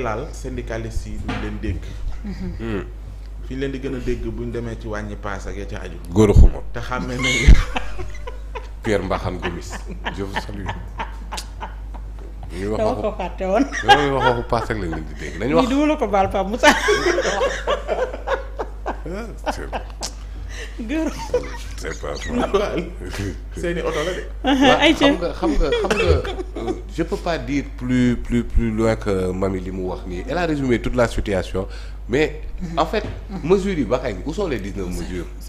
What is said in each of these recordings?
koy laal syndicalistes yi duñ leen dégg. Mm-hmm. Mm. fi leen di gën a dégg buñ demee ci wàññi paas ak ya ca aju. góor xuma te xàmmee nañu. Pierre Mbaxane Gomis je vous salue. ñu wax ko paas ak leen di dégg. nañu wax nii du la ko baal Pape Moussa. Ah, gërëm. c'est pas vrai. Ah, seeni oto la de. ay xam nga xam nga xam nga je peux pas dire plus plus plus loin que mami li mu wax nii elle a résumé toute la situation mais en fait mesures yi ba xëy où sont les dix neuf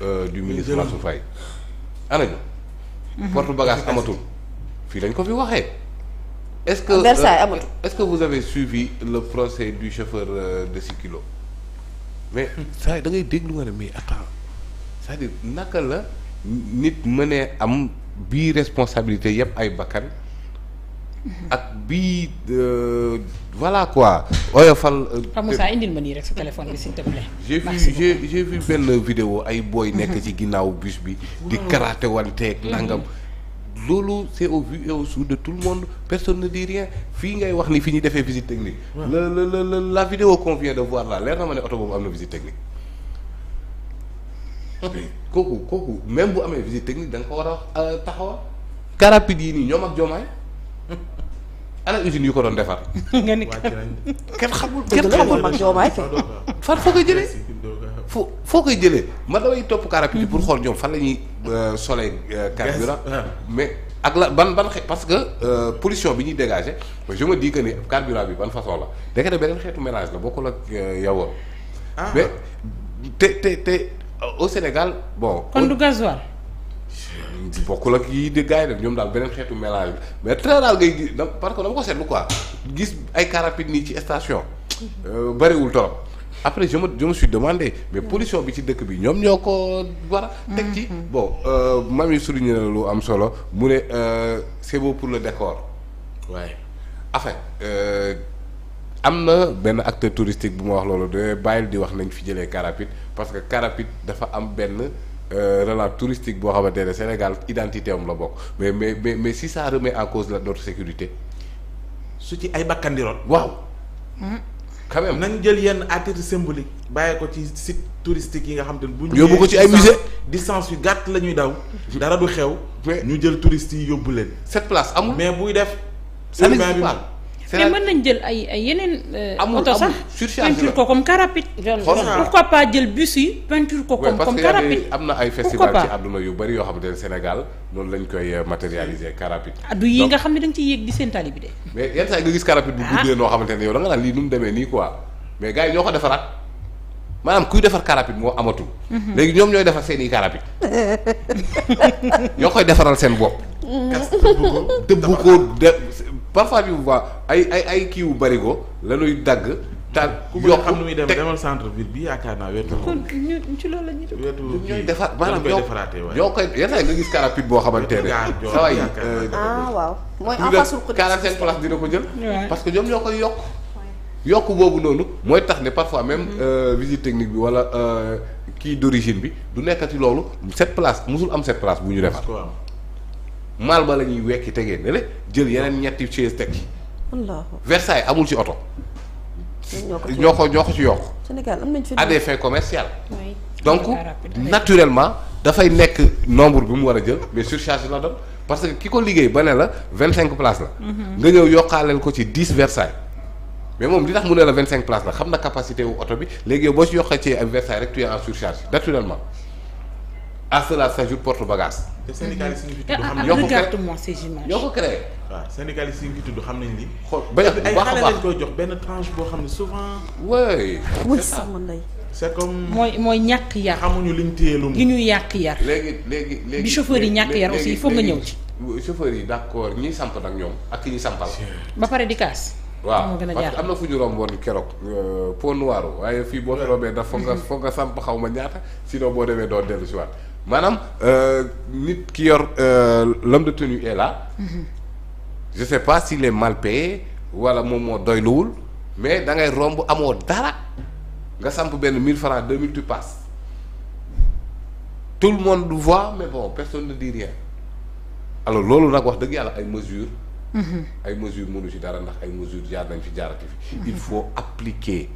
euh, du ministre Mansour Faye. ana ñu. porte bagage amatul. fii lañ ko fi waxee. est-ce que ah, Versailles euh, amatul est-ce que vous avez suivi le procès du chauffeur euh, de six kilos mais saa da ngay déglu nga ne mais attends. cest naka la nit mënee am bii responsabilité yëpp ay bakkan ak bii euh, voilà quoi oyofal. Euh, Pape Moussa indil ma nii rek sa ay booy nekk ci ginnaaw bus bi. di karaté wanteeg langam. Mm-hmm. loolu c'est au vu et au sous de tout le monde personne ne dit rien fii ngay wax ni fi ñuy defee visite technique. la la la la vidéo qu'on vient de voir là leer na ma ne oto boobu am na visite technique. mais kooku kooku même bu amee visite technique danga ko war a euh, taxawal. car rapide yi nii ñoom ak Diomaye ana usines yu ko doon defar. nga ni kenn xamul. kenn xamul mag Diomaye fekk. fan foo koy jëlee. foo foo koy jëlee ma damay topp car rapide yi pour xool ñoom fan la ñuy euh, solee euh, carburant ah. mais ak la ban ban xeet parce que euh, pollution bi ñuy dégager je me dis que ni carburant bi ban façon la da nga beneen xeetu mélage la bokkul ak yowoon. Ah. mais te te au Sénégal bon. kon du gasoil. bokkul ak yi di gars yi def ñoom daal beneen xeetu mélange mais très rare ngay gis parce que dama ko seetlu quoi gis ay car rapide nii ci station. Euh, bariwul torop après je ma je me suis demandé mais pollution bi ci dëkk bi ñoom ñoo ko war a teg ci mhm. bon euh, mami souligné lu am solo mu ne euh, c'est pour le décor waaye ouais. am na benn acteur touristique bu ma wax loolu de bàyyil di wax nañu fi jëlee car parce que car dafa am benn euh, relais touristique boo xamante ne Sénégal identité am la bokk mais mais mais mais si ça remet en cause la notre su ci ay bakkandiroon waaw. Hmm. quand même nañ jël yenn à titre symbolique bàyyi ko ci site touristique yi nga xam te ne bu ñu. yóbbu ko ci ay musée distance yu gàtt la ñuy daw. dara du xew. ñu jël touristes yi yóbbu leen. cette place amul mais buy def. urbain bi mais mën nañ jël ay ay yeneen. Euh, oto sax peinture ko comme car rapide. pourquoi pas jël bus yi peinture ko comme comme car rapide. am na ay festival ci àdduna yu bari yoo xam ne Sénégal noonu lañ koy euh, matérialiser car rapide. addu yi nga xam ne da nga ciy yéeg di seen tali bi de. mais yenn saa yi nga gis car rapide bu ah. guddee noo xamante ne yow da nga naan lii nu mu demee nii quoi mais gars yi ñoo ko defaraat maanaam kuy defar car rapide moo amatul. Mhm. léegi ñoom ñooy defar seen i car rapide ñoo koy defaral seen bopp. Mhm. dëbb ko dëbb ko parfois tu vois ay ay ay kii wu bari ko la ñuy dagg. taal yokk xam nu muy dem demal centre ville bi yaakaar naa wetu. kon ci loolu la ñuy ñooy defar maanaam ñoo ñoo koy yenn saa nga gis car rapide boo xamante ne. saa waay euh, ah waaw. mooy en face su 45 place dina ko jël. parce que ñoom ñoo koy yokk. yokk boobu noonu mooy tax ne parfois même mm. euh, visite technique bi wala euh, kii d'origine bi du nekkati loolu. cette place musul am cette place bu ñu defar. mal ma la ñuy wekki tegee ne le jël yeneen ñetti chaise teg ci. Versailles amul ci oto. ñoo ko ñoo ko ci yokk. Sénégal am nañ fi à des fins commerciales. donc naturellement dafay nekk nombre bi mu war a jël mais surcharge la doon parce que ki ko liggéey ba ne la vingt cinq places la. Mhm. nga ñëw yokkaaleel ko ci dix Versailles. mais moom li tax mu ne la vingt cinq places la xam na capacité wu oto bi léegi boo ci yokkee ci ay Versailles rek tu es en surcharge naturellement. à cela s'ajoute porte bagage. te syndicaliste yi ñu fi tudd ah, xam ah, nañ. ko créé yoo ko créé. waaw tudd xam nañ ni. xool ba yàgg bu baax jox benn tranche boo xam ne souvent. oui wuy sama ndey. c'est comme mooy mooy ñàkk yar. xamuñu liñ téyelum gi ñu yàq yar. léegi léegi léegi bi chauffeur yi ñàkk yar aussi il faut nga ñëw ci. chauffeur yi d'accord ñiy samp nag ñoom ak ki ñuy sampal. ba pare di kaas. waaw parce que am na fu ñu romboon keroog euh, Pont Noir waaye fii boo fi rombee daf foog nga samp xaw ma ñaata sinon boo demee doo dellu si waat maanaam euh, nit ki yor euh, l'homme de tenue est là mm-hmm. je sais pas s'il est mal payé wala moom moo doyluwul mais da ngay romb amoo dara nga samp benn 1000 francs 2000 tu passes tout le monde voit mais bon personne ne dit rien alors loolu nag wax dëgg yàlla ay mesures mm-hmm. ay mesures mënu ci dara ndax ay mesures jaar nañ fi jaarati fi il faut appliquer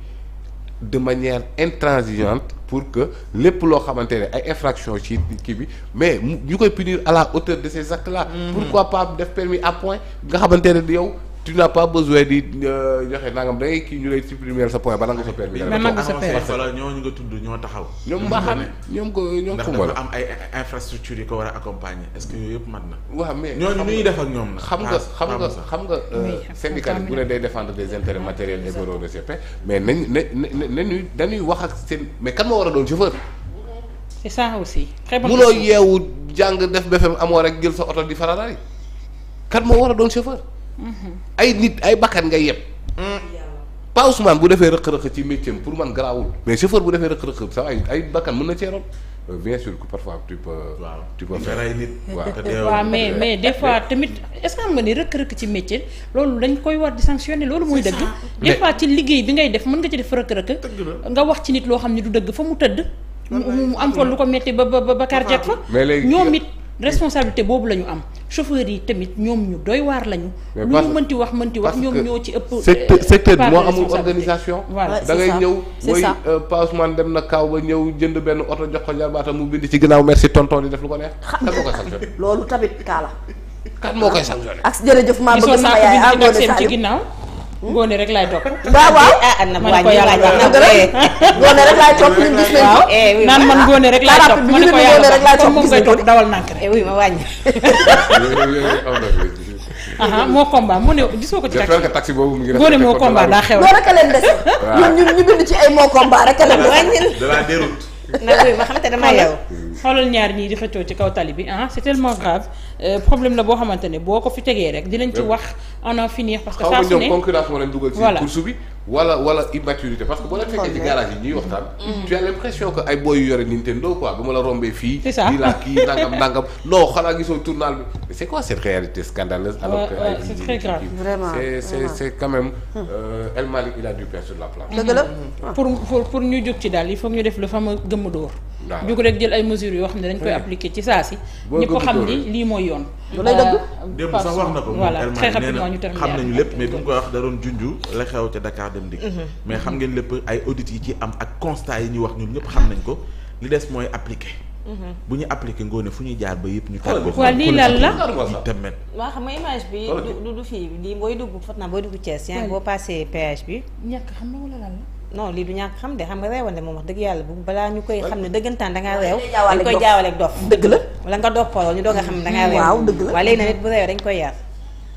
de manière intransigeante pour que lépp loo xamante ne ay infraction ci kii bi mais ñu koy punir à la hauteur de ces actes là mm-hmm. pourquoi pas def permis à point nga xamante ne yow tu n'as pas besoin di euh, joxe nangam day kii ñu lay supprimer sa point bala nga sa père bi. bala nga sa père wala ñooñu nga tudd ñoo taxaw. ñoom mbaaxaan ñoom ko ñoom xumbal ndax dafa am ay infrastructure yi ko war a accompagner est-ce que yooyu yëpp mat na. waaw mais ñooñu nu ñuy def ak ñoom nag. xam nga xam nga xam nga euh, syndicat bu ne day défendre des intérêts matériels et moraux de CP mais nañ na nañuy dañuy wax ak seen mais kan moo war a doon chauffeur. c'est ça aussi. très bonne question munoo yeewu jàng def BFM amoo rek jël sa oto di faralaay kan moo war a doon chauffeur ay nit ay bakkan ngay yeb. Pa Ousmane bu defee rëq-rëq ci métier pour man garaawul mais chauffeur bu defee rëq-rëq sa ay ay bakkan mën na cee roon euh, mais mais des fois tamit est ce que xam nga ni rëkk-rëkk ci métier loolu dañ koy war di sanctionner loolu mooy dëgg. des fois ci liggéey bi ngay def mën nga ci def rëkk-rëkk. nga wax ci nit loo xam ne du dëgg fa mu tëdd. mu am fa lu ko métti ba ba ba cardiaque fa. mais ñoom it responsabilité boobu la ñu am chauffeurs yi tamit ñoom ñu doy waar lañu. lu ñu mënti wax mënti wax ñoom ñoo ci ëpp. secteur euh, moo amul organisation. waa da ngay ñëw. mooy euh, Pa Ousmane dem na kaaw ba ñëw jënd benn oto jox ko jarbaatam mu bind ci ginnaaw merci tonton di def lu ko neex. xam moo koy sanctionné loolu tamit kaala. kat moo koy sanctionné. ak jërëjëf maa bëgg sama yaay ci ginnaaw. góone rek laay topp. waaw waaw ah na ah, ma ko yàlla baax na góone rek laay topp man rek laay topp ma ne ko yàlla baax eh, eh, comme moom ngay topp dawal nànk rek. Eh, oui ma wàññi. moo combat mu ne gisoo ko ci taxi boobu moo combat daa xew. loolu rek a leen dese. ñun ñu bind ci ay moo combat rek a leen de la nag yooyu ma xamante dama yow xoolal ñaar ñii di ci kaw tali bi ah c'est tellement grave euh, problème la boo xamante ne boo ko fi tegee rek dinañ ci wax on en finir parce que saa su ne xaw ma ñoom concurrence moo leen dugal ci course bi wala wala immaturité parce que boo leen fekkee ci garage yi ñuy waxtaan mm. tu as l'impression que ay boy yu yore Nintendo quoi bi ma la rombee fii c'est ça lii laa kii nangam nangam non xanaa gisoo tournal bi c'est quoi cette réalité euh, vraiment c'est c'est c'est quand même. Euh, El Malick il a pour pour ñu jóg ci daal yi faut ñu def le ma gëmm dóor. waaw jóg rek jël ay mesures yoo xam ne dañ koy appliquer ci saa si. ñi ko xam ni lii mooy yoon. lay euh, sax wax na ko. voilà très xam nañu lépp mais bi mu koy wax da doon junju la xew ca Dakar dem dikk. Mhm. mais xam ngeen lépp ay audits yi ci am ak constat yi ñu wax ñu ñëpp xam nañ ko li des mooy appliquer bu ñu appliqué ngoone fu ñu jaar ba yëpp ñu. tàggoo ko lii lan la tamit. xam nga image bi du du fii lii booy dugg fot naa booy dugg Thiès. yaa ngi boo passé péage bi. ñàkk xam nga wala lan la. lii du ñàkk xam de xam nga reewande moom wax dëgg yàlla bu balaa ñu koy xam ne dëggantaan danga reew dañ koy jaawaleeg dof la wala nga dopparol ñu xam ne dangaa reew waaw dëgg la waaye léegi na nit bu reew dañ koy yar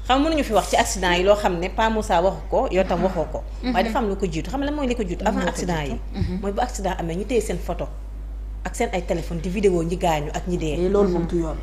xam mënuñu fi wax ci accident yi loo xam ne Pa Moussa waxu ko yow tam waxoo ko mhm. waaye dafa am lu ko jiitu xam ne lan mooy li ko jiitu avant accident yi mhm. mooy bu accident seen photo ak seen ay téléphone di vidéo ñi gaañu ak ñi dee. loolu moom du yoon.